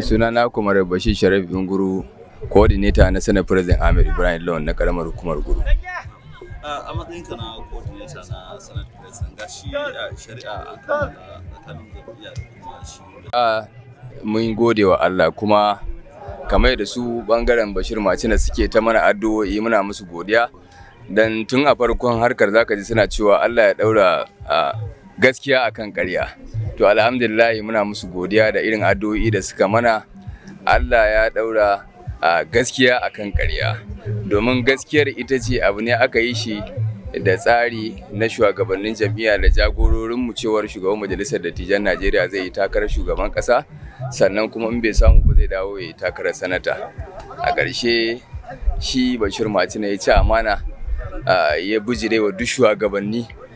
sunana kumar bashir sharif guru coordinator na sanar president ahmed ibrahim lawan na karamar hukumar guru a ka na coordinator na sanar president shari'a a shi mun gode wa allah kuma kamar da su bangaren bashir macina suke ta mana addu'o'i muna musu godiya dan tun a farkon harkar zaka ji suna cewa allah ya daura gaskiya akan ƙarya to alhamdulillahi muna musu godiya da irin addu'o'i da suka mana Allah ya daura a gaskiya akan ƙarya domin gaskiyar ita ce abu ne aka yi shi da tsari na shugabannin jami'a da jagororin mu cewar shugaban majalisar dattijan najeriya zai yi takarar shugaban kasa sannan kuma in bai samu ba zai dawo ya yi takarar sanata a ƙarshe shi bashir matina ya ci amana ya bujirewa duk shugabanni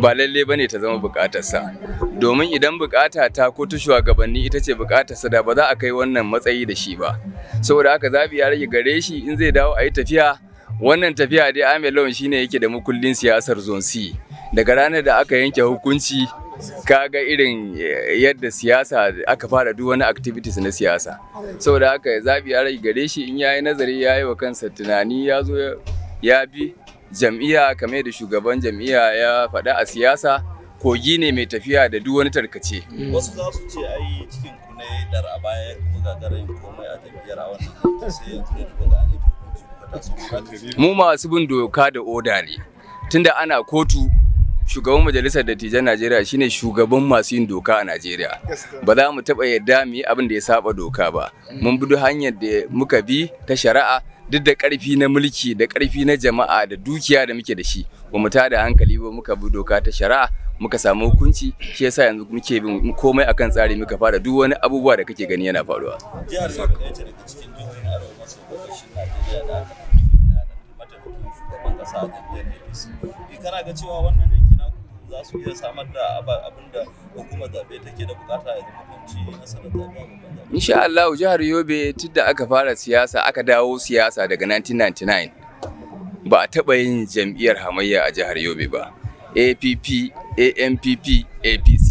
ba lalle ba ne ta zama bukatarsa domin idan bukata ta ko ta shugabanni ita ce bukatarsa da ba za a kai wannan matsayi da shi ba saboda haka zabi ya rage gare shi in zai dawo a yi tafiya wannan tafiya dai ahmed lawan shine yake da mukullin siyasar zone daga ranar da aka yanke hukunci kaga irin eh, yadda siyasa aka fara duk wani activities na siyasa saboda haka zabi ya rage gare shi in yayi nazari yayi wa kansa tunani ya zo ya bi jam'iyya kamar da shugaban jam'iyya ya faɗa a siyasa kogi ne mai tafiya da duk wani tarkace. Mm. Wasu za su ce ai cikin ku ne dar a baya ku gagara komai a jam'iyyar a wannan sai ya ga Mu masu bin doka da oda ne tunda ana kotu shugaban majalisar dattijan Najeriya shine shugaban masu yin doka a Najeriya. Ba za mu taɓa yarda mu yi abin da ya saba doka ba. Mm. Mun bi hanyar da muka bi ta shari'a duk da ƙarfi na mulki da ƙarfi na jama'a da dukiya da muke da shi ba mu tada hankali ba muka bi doka ta shari'a muka samu hukunci shi yasa yanzu muke bin komai akan tsari muka fara duk wani abubuwa da kake gani yana faruwa jihar cikin maso da a kana ga cewa wannan yanki na za su iya samar da abin da hukumar zaɓe Insha Allah jihar Yobe tun da aka fara siyasa aka dawo siyasa daga 1999 ba a taɓa yin jam'iyyar hamayya a jihar Yobe ba. APP, AMPP, APC.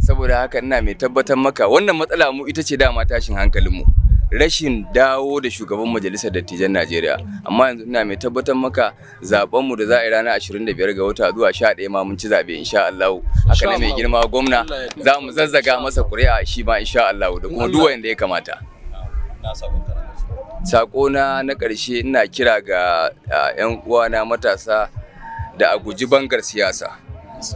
Saboda haka ina mai tabbatar maka wannan matsala mu ita ce dama tashin hankalin mu. rashin dawo da shugaban majalisar dattijan Najeriya amma yanzu ina mai tabbatar maka zaben mu da za a yi ranar 25 ga wata zuwa 11 ma mun ci zabe insha Allah haka ne mai girma gwamna za mu zazzaga masa ƙuri'a shi ma insha Allah da kuma duk wanda ya kamata sako na na ƙarshe ina kira ga 'yan uwana matasa da a guji bangar siyasa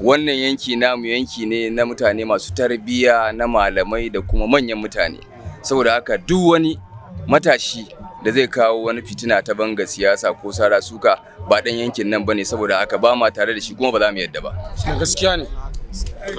wannan yanki namu yanki ne na mutane masu tarbiyya na malamai da kuma manyan mutane saboda haka duk wani matashi da zai kawo wani fitina ta banga siyasa ko sara suka ba dan yankin nan bane saboda haka ba ma tare da shi kuma ba za mu yadda ba gaskiya ne